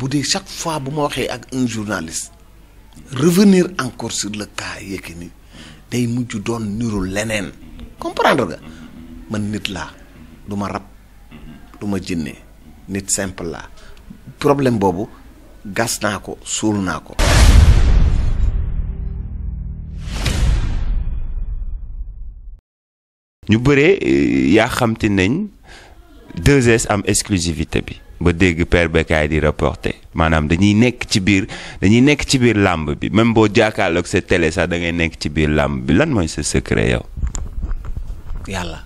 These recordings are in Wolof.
bu chaque fois bu ma waxé ak un journaliste revenir encore sur le cas Yékini day mujj don niru leneen comprendre nga man nit la du rap, rab jinné nit simple la problème bobu gas naa ko suul ñu bëree euh, ya xamti nañ 2S am exclusivité bi ba dégg père Bécaye di reporter maanaam dañuy nekk ci biir dañuy nekk ci biir làmb bi même boo jàkkaarloog sa télé sax da ngay nekk ci biir làmb bi lan mooy sa secret yow. yàlla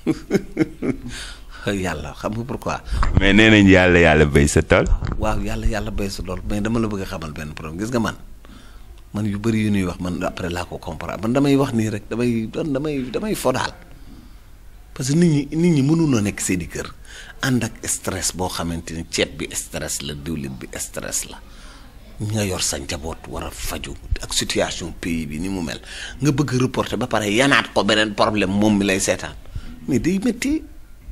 yàlla xam nga pourquoi. mais nee nañ yàlla yàlla béy sa tool. waaw yàlla yàlla bay sa tool mais dama la bëgg xamal benn problème gis nga man man yu bari yu ñuy wax man après laa ko comprendre man damay wax nii rek damay damay damay fo parce que nit ñi nit ñi mënuñoo nekk seen i kër. Andak ak stress bo xamanteni ciet bi stress la diwlin bi stress la nga yor sa njaboot faju ak situation pays bi ni mu mel nga bëgg reporter ba pare yanat ko benen problème mom mi lay sétan ni di metti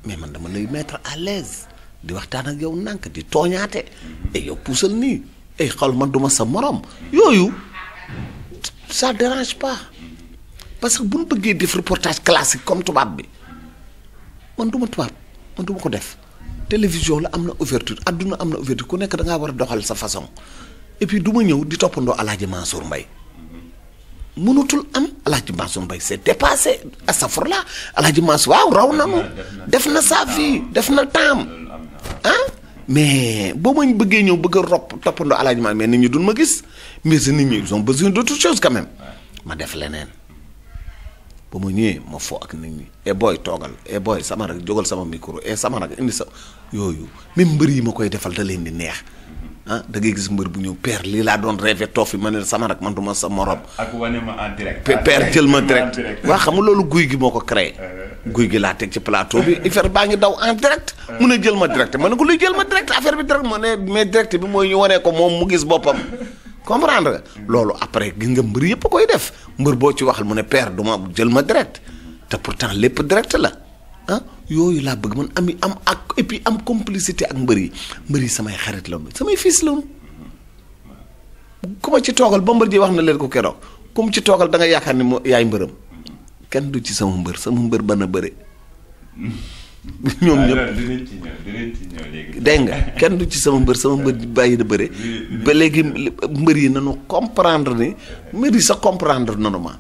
mais man dama lay mettre à l'aise di waxtaan ak yow nank di toñaté et eh, yow puusal ni et eh, xal man duma sa morom yoyu ça dérange pas parce que bu bëggé def reportage classique comme tubab bi man duma tubab man du ma ko def télévision la am na ouverture adduna am na ouverture ku nekk dangaa war a doxal sa façon et puis du ma ñëw di toppandoo alaaji Mansour Mbaye mënatul am alaaji Mansour Mbaye c'est dépassé astafurlah alaaji Mansour waaw raw na mu def na sa def na taam ah mais boo ma bëggee ñëw bëgg a ropp toppandoo alaaji Mansour mais nit ñi duñ ma gis mais nit ñi ils ont besoin d'autre chose quand ma def leneen ba ma ñëwee ma fo ak nit ñi e booy toogal e booy sama rek jógal sama micro e sama rek indi sa yooyu même mbër yi ma koy defal da leen di neex ah da gis mbër bu ñëw père lii laa doon rêvé toof fi ma ne sama rek man du ma sa morom. ak wane ma en direct. père jël ma direct waaw xam nga loolu guy gi moo ko créé. Euh, euh. guy gi laa teg ci plateau bi affaire baa ngi daw en direct. mu a jël ma direct man ne ko luy jël ma direct affaire bi direct ma ne mais direct bi mooy ñu wanee ko moom mu gis boppam. comprendre loolu après gis nga mbër yëpp koy def mbër boo ci waxal mu ne père du ma jël ma direct te pourtant lépp direct la ah yooyu laa bëgg man ami am ak et puis am complicité ak mbër yi mbër yi samay xarit la samay fils la ku ma ci toogal ba mbër ji wax na leen ko keroog ku ci toogal da nga yaakaar ni moo yaay mbërëm kenn du ci sama mbër sama mbër ba na bëre. ñoom ñëpp ah, dinañ dégg nga kenn du ci sama mbër sama mbër bàyyi da bëre. ba léegi mbër yi nanu comprendre ni mbër yi sax comprendre nanu ma.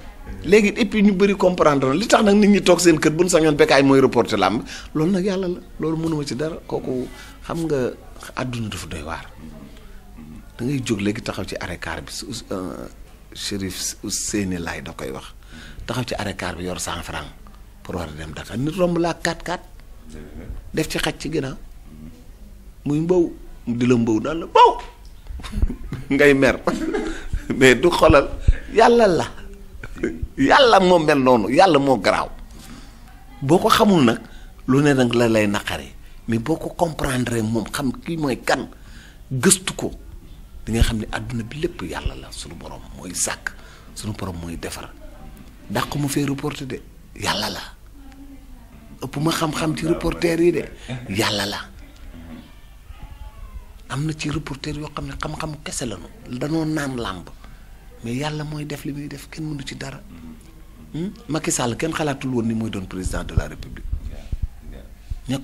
léegi et puis ñu bëri comprendre li tax nag nit ñi toog seen kër bu ñu sañoon Bécaye mooy reporté làmb loolu nag yàlla la loolu mënuma ci dara kooku xam nga àdduna dafa doy waar. da ngay jóg léegi taxaw ci arrêt car bi su euh, Chérif Ousseyni Laye da koy wax taxaw ci arrêt car bi yor 100 francs pour war a dem Dakar nit romb laa 4-4. def ci xaj ci ginnaaw muy mu di la mbaw daal la mbaw ngay mer mais du xolal yàlla la yàlla moom mel noonu yàlla moo garaaw boo ko xamul nag lu ne nag la lay naqari mais boo ko comprendre moom xam kii mooy kan gëstu ko di nga xam ne àdduna bi lépp yàlla la sunu borom mooy sàkk sunu borom mooy defar dàq mu fee reporté de yàlla la ëpp ma xam-xam ci reporter yi de yàlla la am na ci reporter yoo xam ne xam-xam kese la ñu danoo naan làmb mais yàlla mooy def li muy def kenn mënu ci dara hmm? Macky Sall kenn xalaatul woon ni mooy doon président de la république ñu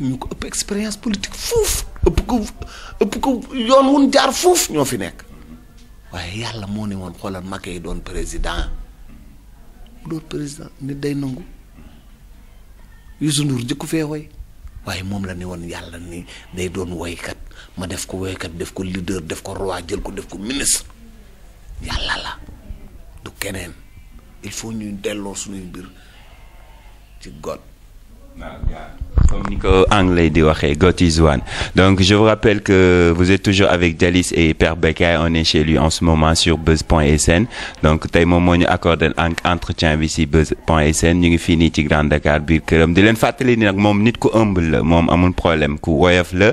ñu ko ëpp expérience politique fuuf ëpp ko yoon wun jaar fuuf ñoo fi nekk waaye yàlla moo ne woon xoolal Macky doon président bu président nit day nangu Youssou Ndour jëkku fee woy waaye moom la ne woon yàlla ni day doon woykat ma def ko woykat def ko leader def ko roi jël ko def ko ministre yàlla la du keneen il faut ñuy delloo suñuy mbir ci God. comme Nico anglais di waxee God donc je vous rappelle que vous êtes toujours avec Dalis et Père Becaye on est chez lui en ce moment sur buzz.sn donc tey moom nous ñu un entretien ici buzz.sn nous ngi fii ci Grand Dakar biir këram di leen fàttali ni nag moom nit ku ëmb la moom problème ku woyof la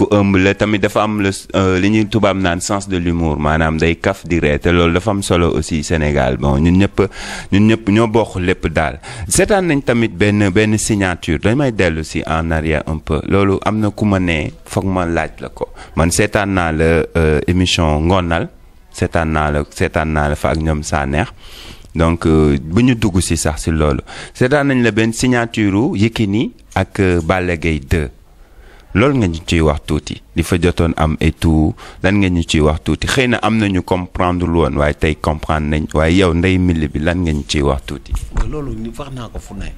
un humble. la tamit dafa am le euh, li ñuy sens de l'humour maanaam day kaf di ree te dafa am solo aussi Sénégal bon ñun ñëpp ñun ñëpp ñoo bokk lépp daal seetaan nañ tamit benn benn signature damay dellu si en arrière un peu Lolo, amna na ku ma ne ko man seetaan naa la euh, émission ngonal c'est un la seetaan naa fa ak donc euh, bu ñu dugg si sax lolo. loolu seetaan nañ le ben signature Yékini ak euh, balle gay 2 loolu nga ñu ciy wax tuuti li fa jotoon am et tout lan nga ñu ciy wax tuuti xëy na am nañu comprendre lu woon waaye tey comprendre nañ waaye yow ndey mille bi lan nga ñu ciy wax tuuti. loolu ñu wax naa ko fu ne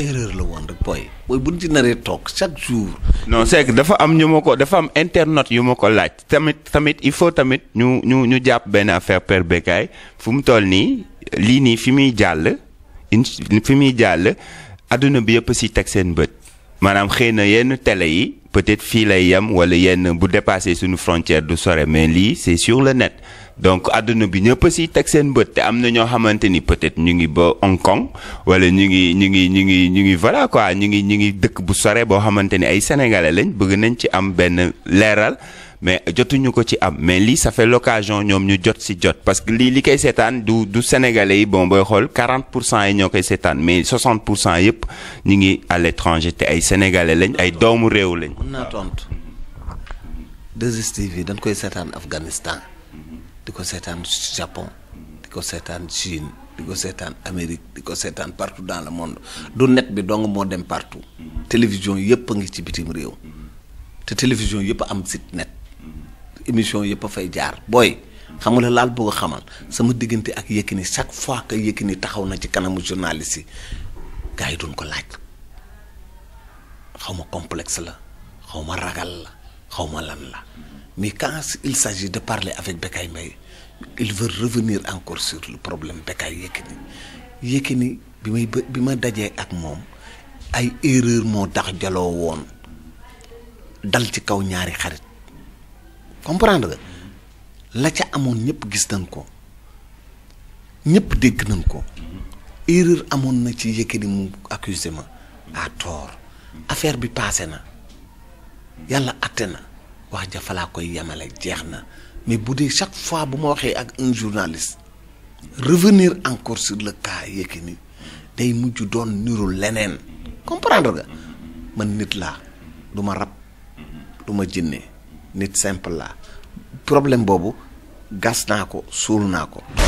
erreur la woon rek booy booy bu ñu ci naree toog chaque jour. non c'est dafa am ñu ma ko dafa am internet yu ma ko laaj tamit tamit il faut tamit ñu ñu ñu jàpp benn affaire Père Bécaye fu mu toll nii lii nii fi muy jàll fi muy jàll adduna bi yëpp si teg seen bët maanaam xëy na yenn télé yi. peut-être fii ou yem wala yenn bu dépassé suñu frontière du soirée. mais li c'est sur le net donc à bi nos si teg seen bët botte. am na ñoo peut-être ñu ngi ba Hong Kong wala ñu ngi ñu ngi ñu ngi voilà quoi ñu ngi ñu ngi dëkk bu sore boo xamante ay sénégalais lañ bëgg nañ ci am ben leeral mais jotuñu ko ci am mais li ça fait l'occasion ñom ñu jot si jot parce que li li koy sétane du du sénégalais bon boy xol 40 pour cent yi ñoo koy mais 60 pour cent ngi à l'étranger te ay sénégalais lañ ay doomu réew lañ. na naa tontu dañ koy sétane Afghanistan diko sétane Japon diko sétane Chine diko sétane Amérique diko sétane partout dans le monde du net bi dong mo dem partout télévision yëpp ngi ci bitim réew te télévision yep am site émission yëpp fay jaar boy xam nga laal bëgg a xamal sama diggante ak Yékini chaque fois que Yékini taxaw na ci kanamu journaliste yi gars yi duñ ko laaj xaw ma complexe la xaw ma ragal la xaw ma lan la mais quand il s'agit de parler avec Bekay Mbaye il veut revenir encore sur le problème Bekay Yékini Yékini bi may bi ma dajee ak moom ay erreur moo tax jaloo woon dal ci kaw ñaari xarit comprendre la ca amoon ñëpp gis nañ ko ñëpp dégg nañ ko erreur amoon na ci Yékini mu accusé ma a tort affaire bi passé na yàlla atte na wax ja fa laa koy yemale jeex na mais bu dee chaque fois bu ma waxee ak un journaliste revenir encore sur le cas Yékini day mujj doon niru leneen comprendre nga man nit laa du ma rab du ma jënnee nit simple la problème boobu gas naa ko suul naa ko